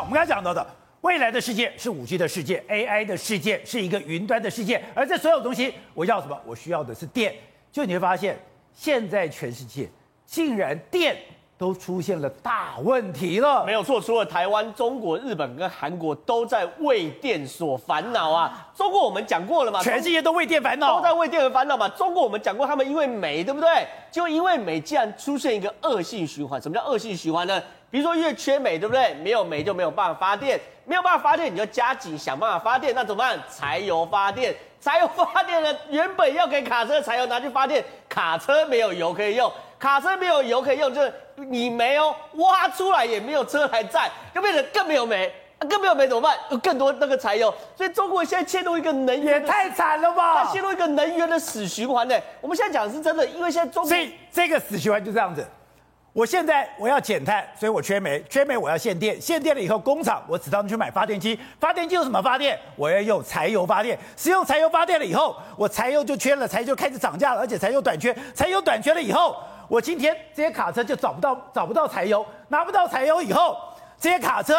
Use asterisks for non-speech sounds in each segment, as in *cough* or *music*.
我們剛才講到的，未來的世界是 5G 的世界，AI 的世界是一個雲端的世界，而這所有東西，我要什麼？我需要的是電。就你會發現，現在全世界竟然電都出現了大問題了。沒有錯，除了台灣、中國、日本跟韓國，都在為電所煩惱啊。中國我們講過了嘛，全世界都為電煩惱，都在為電而煩惱嘛。中國我們講過，他們因為煤，對不對？就因為煤，竟然出現一個惡性循環。什麼叫惡性循環呢？比如說，越缺煤，對不對？沒有煤就沒有辦法發電，沒有辦法發電，你就加緊想辦法發電，那怎麼辦？柴油發電。柴油發電呢，原本要給卡車的柴油拿去發電，卡車沒有油可以用，卡車沒有油可以用，就是你煤、喔、挖出來也沒有車來載，更變得更沒有煤。啊、更沒有煤怎麼辦？有更多那個柴油，所以中國現在陷入一個能源也太慘了吧！它陷入一個能源的死循環嘞、欸。我們現在講的是真的，因為現在中國，這這個死循環就這樣子。我現在我要減碳，所以我缺煤，缺煤，我要限電，限電了以後工廠，我只能去買發電機。發電機用什麼發電？我要用柴油發電。使用柴油發電了以後，我柴油就缺了，柴油就開始漲價了，而且柴油短缺，柴油短缺了以後，我今天這些卡車就找不到找不到柴油，拿不到柴油以後，這些卡車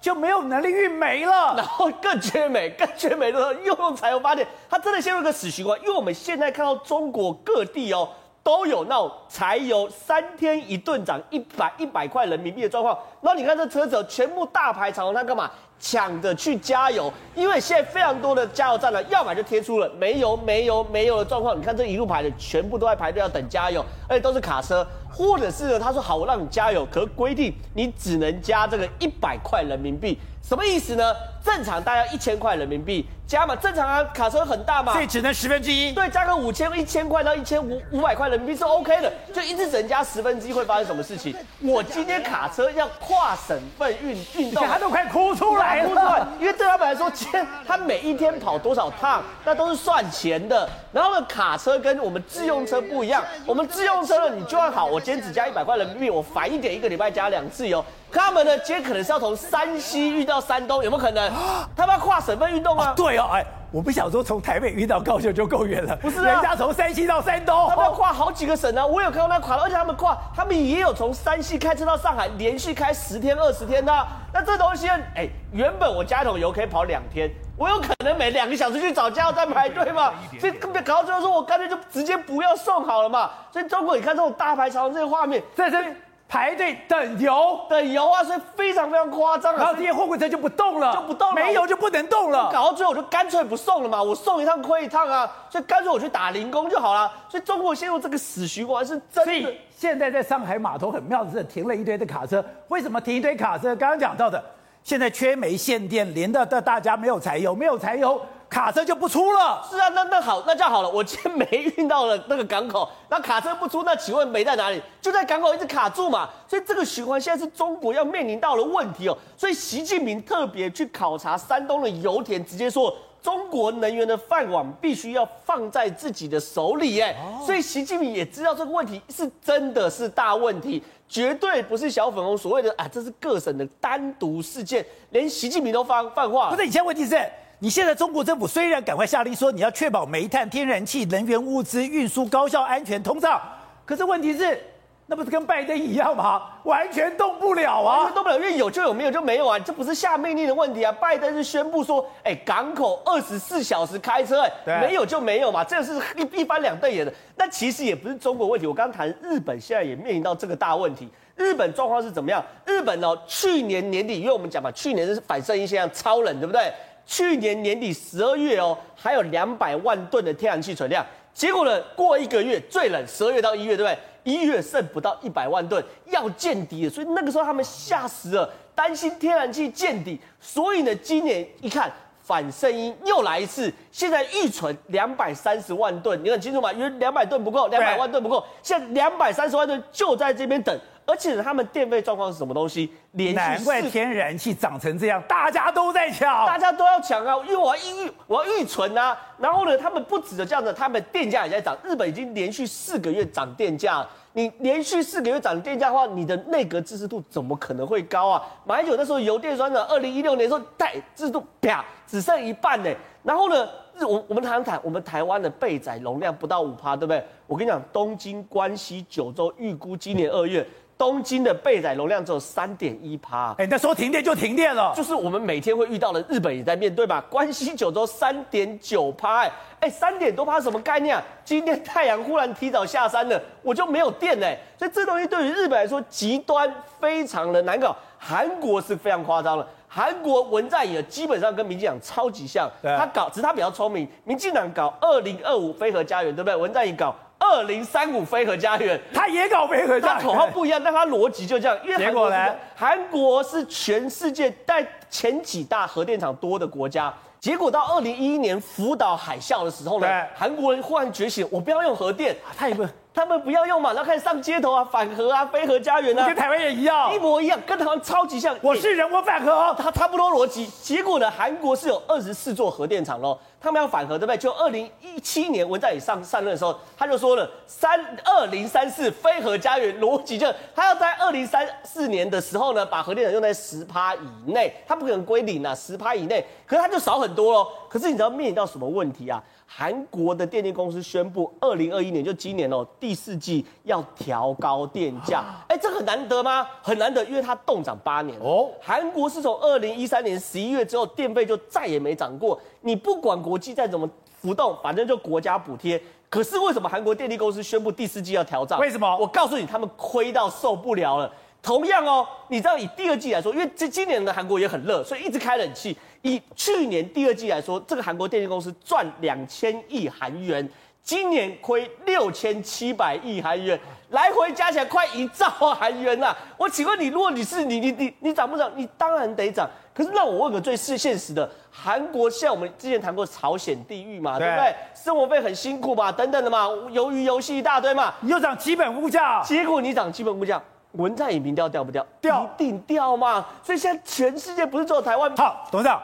就沒有能力運煤了。然後更缺煤，更缺煤的時候又用柴油發電，它真的陷入一個死循環。因為我們現在看到中國各地哦，都有鬧柴油三天一頓漲一百一百塊人民幣的狀況，那你看這車子全部大排長龍，他幹嘛搶着去加油？因為現在非常多的加油站了，要買就貼出了沒油、沒油、沒油的狀況。你看這一路排的，全部都在排隊要等加油，而且都是卡車。或者是呢？他說好，我讓你加油，可規定你只能加這個一百塊人民幣，什麼意思呢？正常大家一千塊人民幣加嘛，正常啊，卡車很大嘛，這只能十分之一。對，加個五千、一千塊到一千五五百塊人民幣是 OK 的，就一次只能加十分之一，會發生什麼事情？可可我今天卡車要跨省份運運到，他都快哭出來了，哭出來了，因為對他們來說，今天，他每一天跑多少趟，那都是算錢的。然後呢，卡車跟我們自用車不一樣，對我們自用車呢，你就算好我。兼職加一百塊人民幣，我煩一點，一個禮拜加兩次油。他們呢，今天可能是要從山西運到山東，有沒有可能？他們要跨省份運動啊？啊對啊，哎。我不想說從台北運到高雄就夠遠了，不是，啊、人家從山西到山東，他們要跨好幾個省呢，啊。我有看到他跨了，而且他們跨，他們也有從山西開車到上海，連續開十天二十天的，啊。那這東西，哎，欸，原本我加一桶油可以跑兩天，我有可能每兩個小時去找加油站排隊嗎？點點所以搞到最後說，我乾脆就直接不要送好了嘛。所以中國，你看這種大排長龍這些畫面，在這裡。排隊等油，等油啊，所以非常非常誇張啊！然後這些貨櫃車就不動了，所以，就不動了，沒油就不能動了。搞到最後，我就乾脆不送了嘛，我送一趟虧一趟啊，所以乾脆我去打零工就好了。所以中國陷入這個死循環是真的。所以，現在在上海碼頭很妙的是停了一堆的卡車，為什麼停一堆卡車？剛剛講到的，現在缺煤、限電，連到的、的大家沒有柴油，沒有柴油。卡車就不出了，是啊，那那好，那就好了。我今天煤運到了那個港口，那卡車不出，那請問煤在哪裡？就在港口一直卡住嘛。所以這個循環現在是中國要面臨到的問題哦。所以習近平特別去考察山東的油田，直接說中國能源的飯碗必須要放在自己的手裡。耶。所以習近平也知道這個問題是真的是大問題，絕對不是小粉紅所謂的啊，這是各省的單獨事件，連習近平都放放話。不是以前問題是？你現在中國政府雖然趕快下令說你要確保煤炭、天然氣、能源物資運輸高效、安全、通暢，可是問題是，那不是跟拜登一樣嗎？完全動不了啊！動不了，因為有就有，沒有就沒有啊！這不是下命令的問題啊！拜登是宣布說，哎、欸，港口二十四小時開車、欸，哎對，沒有就沒有嘛，這是一一翻兩瞪眼的。那其實也不是中國問題，我剛談日本現在也面臨到這個大問題。日本狀況是怎麼樣？日本哦，去年年底，因為我們講嘛，去年是反聖嬰現象超冷，對不對？去年年底十二月哦，還有兩百萬噸的天然氣存量，結果呢，過一個月最冷十二月到一月，對不對？一月剩不到一百萬噸，要見底了，所以那個時候他們嚇死了，擔心天然氣見底，所以呢，今年一看反聲音又來一次，現在預存兩百三十萬噸，你很清楚嘛？因為兩百噸不夠，兩百萬噸不夠，現在兩百三十萬噸就在這邊等。而且他們電費狀況是什麼東西？連續難怪天然氣漲成這樣，大家都在搶，大家都要搶啊，因為我要預，我要預存啊。然後呢，他們不止的這樣子，他們電價也在漲。日本已經連續四個月漲電價，你連續四個月漲電價的話，你的內閣支持度怎麼可能會高啊？馬英九那時候油電雙漲，二零一六年的時候，帶支持度啪只剩一半呢、欸。然後呢，日我我們談談，我們，談談我們臺灣的備載容量不到五趴，對不對？我跟你講，東京、關西、九州預估今年二月。 *laughs* 東京的備載容量只有三點一帕，哎、欸，那說停電就停電了。就是我們每天會遇到的，日本也在面對嘛。關西九州三點九帕，哎、欸，三、欸、點多帕什麼概念啊？今天太陽忽然提早下山了，我就沒有電了、欸、所以這東西對於日本來說，極端非常的難搞。韓國是非常誇張了，韓國文在寅基本上跟民進黨超級像，啊、他搞只是他比較聰明，民進黨搞二零二五非核家園，對不對？文在寅搞。二零三五非核家園，他也搞非核家，但口號不一樣，對但他邏輯就這樣。因為韓國呢？韓國是全世界在前幾大核電廠多的國家，結果到二零一一年福島海嘯的時候呢，對韓國人忽然覺醒，我不要用核電，太不、啊。他們不要用嘛，然後開始上街頭啊，反核啊，非核家園啊，跟台灣也一樣，一模一樣，跟台灣超級像。欸、我是人我反核哦，它差不多邏輯。結果呢，韓國是有二十四座核電廠嘍，他們要反核對不對？就二零一七年文在寅上上任的時候，他就說了三二零三四非核家園邏輯，就他要在二零三四年的時候呢，把核電廠用在十趴以內，他不可能歸零吶、啊，十趴以內，可是他就少很多嘍。可是你知道面臨到什麼問題啊？韓國的電力公司宣布2021，二零二一年就今年哦、喔，第四季要調高電價。哎、欸，這很難得嗎？很難得，因為它凍漲八年哦。韓國是從二零一三年十一月之後，電費就再也沒漲過。你不管國際再怎麼浮動，反正就國家補貼。可是為什麼韓國電力公司宣布第四季要調漲？為什麼？我告訴你，他們虧到受不了了。同樣哦、喔，你知道以第二季來說，因為這今年的韓國也很熱，所以一直開冷氣。以去年第二季來說，這個韓國電力公司賺兩千億韓元，今年虧六千七百億韓元，來回加起來快一兆韓元啦。我請問你，如果你是你，你你你漲不漲？你當然得漲。可是讓我問個最現實的，韓國像我們之前談過朝鮮地獄嘛，對，對不對？生活費很辛苦嘛，等等的嘛，魷魚遊戲一大堆嘛，你又漲基本物價，啊，結果你漲基本物價，文在寅民調掉，掉不掉？掉，一定掉嘛。所以現在全世界不是只有台灣？好，董事長。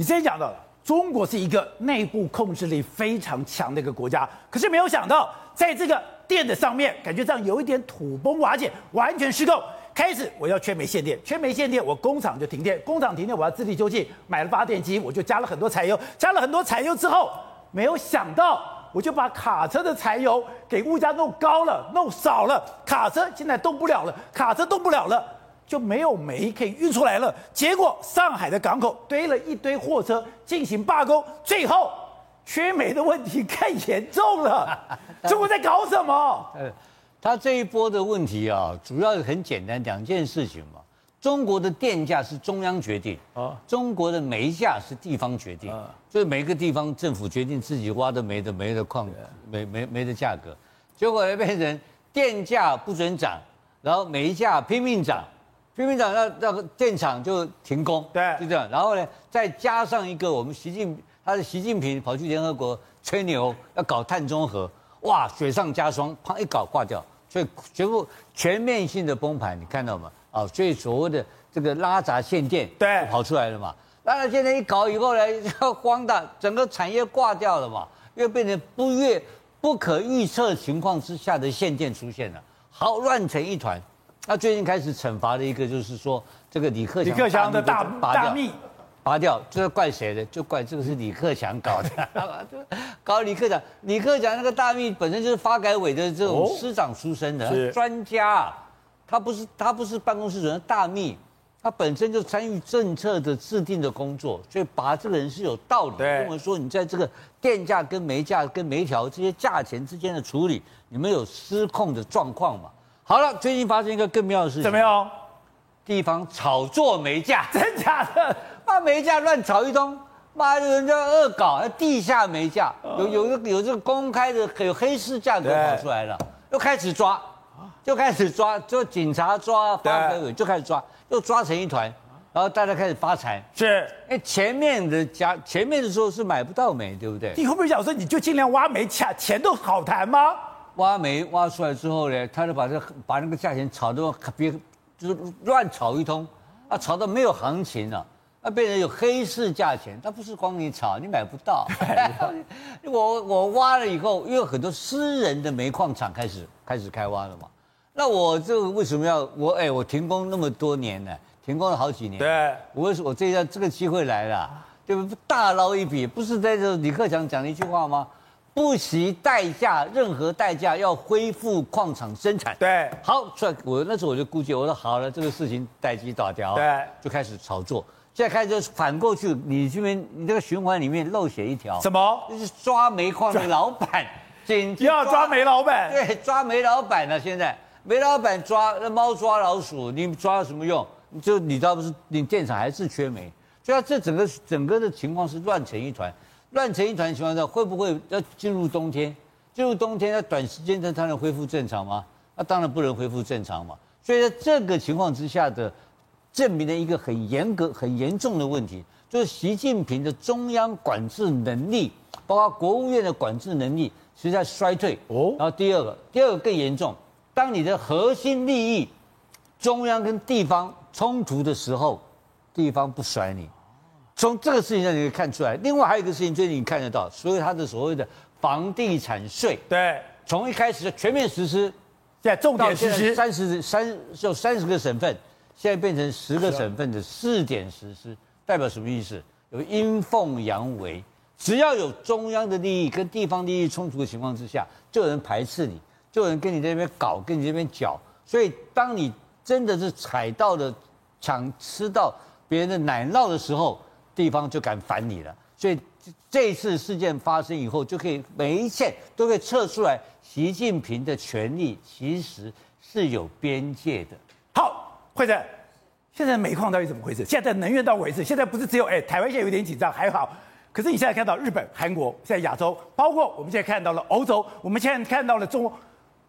你之前講到了，中國是一個內部控制力非常強的一個國家，可是沒有想到，在這個電的上面，感覺上有一點土崩瓦解，完全失控。開始我要缺煤限電，缺煤限電，我工廠就停電，工廠停電，我要自力救濟，買了發電機，我就加了很多柴油，加了很多柴油之後，沒有想到，我就把卡車的柴油給物價弄高了，弄少了，卡車現在動不了了，卡車動不了了。就沒有煤可以運出來了，結果上海的港口堆了一堆貨車進行罷工，最後缺煤的問題更嚴重了。中國在搞什麼？他這一波的問題啊，主要很簡單兩件事情嘛。中國的電價是中央決定啊，哦、中國的煤價是地方決定，所以、哦、每個地方政府決定自己挖的煤的煤的礦，煤煤煤的價格，結果就變成電價不準漲，然後煤價拼命漲。拚命漲，那要、那個電廠就停工，對，就這樣。然後呢，再加上一個我們習近平，他的習近平跑去聯合國吹牛，要搞碳中和，哇，雪上加霜，啪一搞掛掉，所以全部全面性的崩盤，你看到嗎？啊、哦，所以所謂的這個拉閘限電，對，跑出來了嘛。拉閘限電一搞以後呢，就慌的，整個產業掛掉了嘛，又變成不越不可預測情況之下的限電出現了，好亂成一團。他最近開始懲罰的一個，就是說這個李克強的大大秘拔掉，這怪誰呢？就怪這個是李克強搞的。搞李克強，李克強那個大秘本身就是發改委的這種司長出身的專家，他不是他不是辦公室主任。大秘他本身就參與政策的制定的工作，所以拔這個人是有道理。跟我們說，你在這個電價跟煤價跟煤條這些價錢之間的處理，你們有失控的狀況嘛？好了，最近發生一個更妙的事情。怎麼樣？地方炒作煤價，真假的？把煤價亂炒一通，把人家惡搞，地下煤價、嗯、有，有個有這個公開的，有黑市價格跑出來了，對又開始抓，就開始抓，就警察抓發改委，對就開始抓，又抓成一團，然後大家開始發財。是，因為前面的價，前面的時候是買不到煤，對不對？你會不會想說，你就盡量挖煤，錢錢都好談嗎？挖煤挖出來之後呢，他就把這把那個價錢炒得可別，就是亂炒一通，啊，炒到沒有行情了，那變成有黑市價錢。他不是光你炒，你買不到。 *laughs* 我我挖了以後，因為很多私人的煤礦廠開始開始開挖了嘛，那我就為什麼要我哎、欸、我停工那麼多年呢？停工了好幾年。對，我為什麼我這一下這個機會來了，對不對大撈一筆？不是在這李克強講了一句話嗎？不惜代價，任何代價要恢復礦場生產。對，好，我那時候我就估計，我說好了，這個事情待機打掉。 *laughs* 對，就開始炒作，現在開始反過去，你這邊，你這個循環裡面漏寫一條，什麼？就是抓煤礦的抓老闆，緊要抓煤老闆。對，抓煤老闆了、啊，現在煤老闆抓，那貓抓老鼠，你抓了什麼用？就你知道不是，你電廠還是缺煤，所以這整個整個的情況是亂成一團。亂成一團的情況下，會不會要進入冬天？進入冬天，那短時間他能恢復正常嗎？那當然不能恢復正常嘛。所以，在這個情況之下的，證明了一個很嚴格、很嚴重的問題，就是習近平的中央管制能力，包括國務院的管制能力，實在衰退。哦，然後第二個，第二個更嚴重。當你的核心利益，中央跟地方衝突的時候，地方不甩你。從這個事情上你可以看出來，另外還有一個事情，最近你看得到，所以他的所謂的房地產稅，對，從一開始就全面實施，現在重點實施三十三就三十個省份，現在變成十個省份的試點實施，啊、代表什麼意思？有陰奉陽違，只要有中央的利益跟地方利益衝突的情況之下，就有人排斥你，就有人跟你在那邊搞，跟你這邊攪。所以，當你真的是踩到了搶吃到別人的奶酪的時候，地方就敢反你了，所以這次事件發生以後，就可以每一線都可以測出來，習近平的權力其實是有邊界的。好，會長。現在煤礦到底怎麼回事？現在能源到位置，現在不是只有哎，台灣現在有點緊張還好，可是你現在看到日本、韓國，現在亞洲，包括我們現在看到了歐洲，我們現在看到了中國。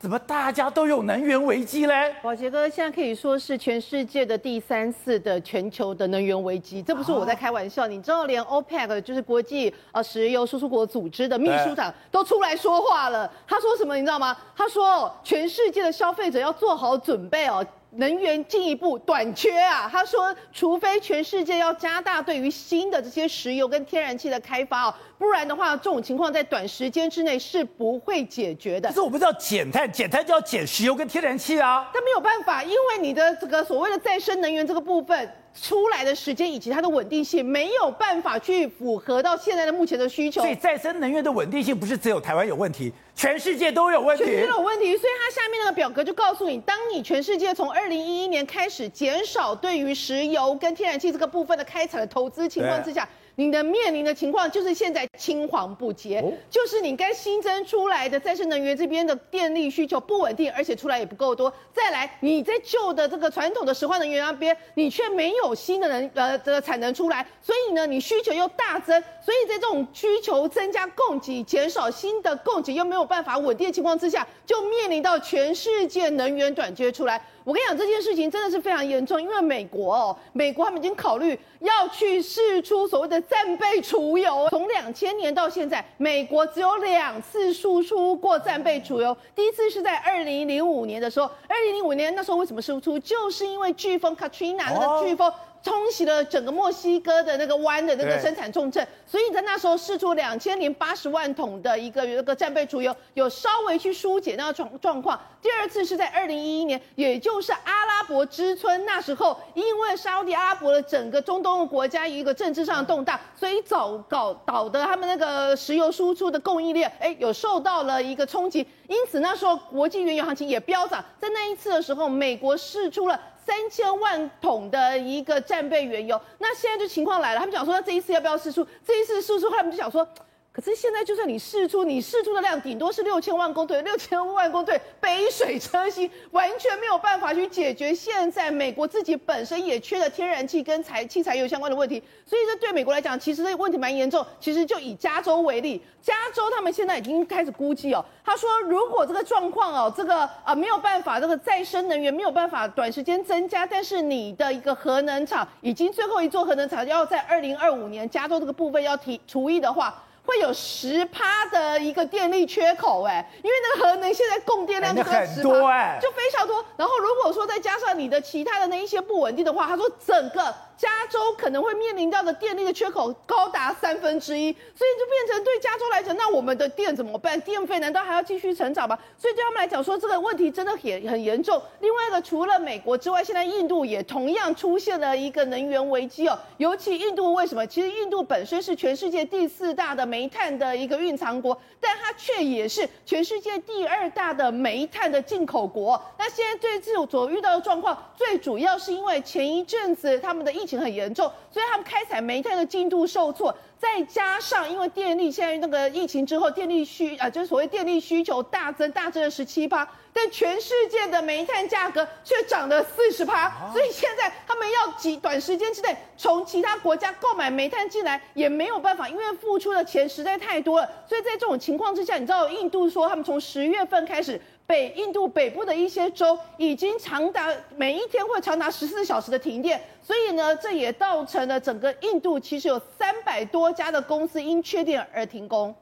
怎麼大家都有能源危機嘞？寶傑哥，現在可以說是全世界的第三次的全球的能源危機，這不是我在開玩笑。哦、你知道，連 OPEC 就是國際呃石油輸出國組織的秘書長對都出來說話了。他說什麼？你知道嗎？他說，全世界的消費者要做好準備哦。能源進一步短缺啊！他說，除非全世界要加大對於新的這些石油跟天然氣的開發哦、啊，不然的話，這種情況在短時間之內是不會解決的。可是我們是要減碳，減碳就要減石油跟天然氣啊。但沒有辦法，因為你的這個所謂的再生能源這個部分。出來的時間以及它的穩定性沒有辦法去符合到現在的目前的需求，所以再生能源的穩定性不是只有台灣有問題，全世界都有問題，全世界都有問題。所以它下面那個表格就告訴你，當你全世界從二零一一年開始減少對於石油跟天然氣這個部分的開採的投資情況之下。你的面臨的情況就是現在青黃不接，就是你該新增出來的再生能源這邊的電力需求不穩定，而且出來也不夠多。再來你在舊的這個傳統的石化能源那邊，你卻沒有新的能呃這個產能出來，所以呢，你需求又大增，所以在這種需求增加、供給減少、新的供給又沒有辦法穩定的情況之下，就面臨到全世界能源短缺出來。我跟你講，這件事情真的是非常嚴重，因為美國哦，美國他們已經考慮要去釋出所謂的戰備儲油。從兩千年到現在，美國只有兩次輸出過戰備儲油，第一次是在二零零五年的時候。二零零五年那時候為什麼輸出？就是因為颶風 Katrina 那個颶風。Oh. 沖洗了整個墨西哥的那個灣的那個生產重鎮對，所以在那時候釋出兩千零八十萬桶的一個一個戰備儲油，有稍微去疏解那個狀狀況。第二次是在二零一一年，也就是阿拉伯之春那時候，因為沙烏地阿拉伯的整個中東國家一個政治上的動盪，所以早搞倒的他們那個石油輸出的供應鏈，哎，有受到了一個衝擊，因此那時候國際原油行情也飆漲。在那一次的時候，美國釋出了。三千萬桶的一個戰備原油，那現在就情況來了，他們講說這一次要不要釋出？這一次釋出，後來，他們就想說。可是現在，就算你釋出，你釋出的量頂多是六千萬公噸，六千萬公噸杯水車薪，完全沒有辦法去解決現在美國自己本身也缺的天然氣跟柴汽、柴油相關的問題。所以這對美國來講，其實這個問題蠻嚴重。其實就以加州為例，加州他們現在已經開始估計哦，他說如果這個狀況哦，這個啊、呃、沒有辦法，這個再生能源沒有辦法短時間增加，但是你的一個核能廠已經最後一座核能廠要在二零二五年，加州這個部分要提除役的話。會有十趴的一個電力缺口，欸，誒，因為那個核能現在供電量跟十趴就非常多，欸，很多欸，然後如果說再加上你的其他的那一些不穩定的話，他說整個。加州可能會面臨到的電力的缺口高達三分之一，所以就變成對加州來講，那我們的電怎麼辦？電費難道還要繼續成長嗎？所以對他們來講說，說這個問題真的也很嚴重。另外一個，除了美國之外，現在印度也同樣出現了一個能源危機哦。尤其印度為什麼？其實印度本身是全世界第四大的煤炭的一個蘊藏國，但它卻也是全世界第二大的煤炭的進口國。那現在這次所遇到的狀況，最主要是因為前一陣子他們的疫情，很嚴重，所以他們開採煤炭的進度受挫，再加上因為電力現在那個疫情之後，電力需啊、呃，就是所謂電力需求大增，大增了十七趴，但全世界的煤炭價格卻漲了四十趴，所以現在他們要幾短時間之內從其他國家購買煤炭進來也沒有辦法，因為付出的錢實在太多了。所以在這種情況之下，你知道印度說他們從十月份開始。北印度北部的一些州已經長達每一天會長達十四小時的停電，所以呢，這也造成了整個印度其實有三百多家的公司因缺電而停工。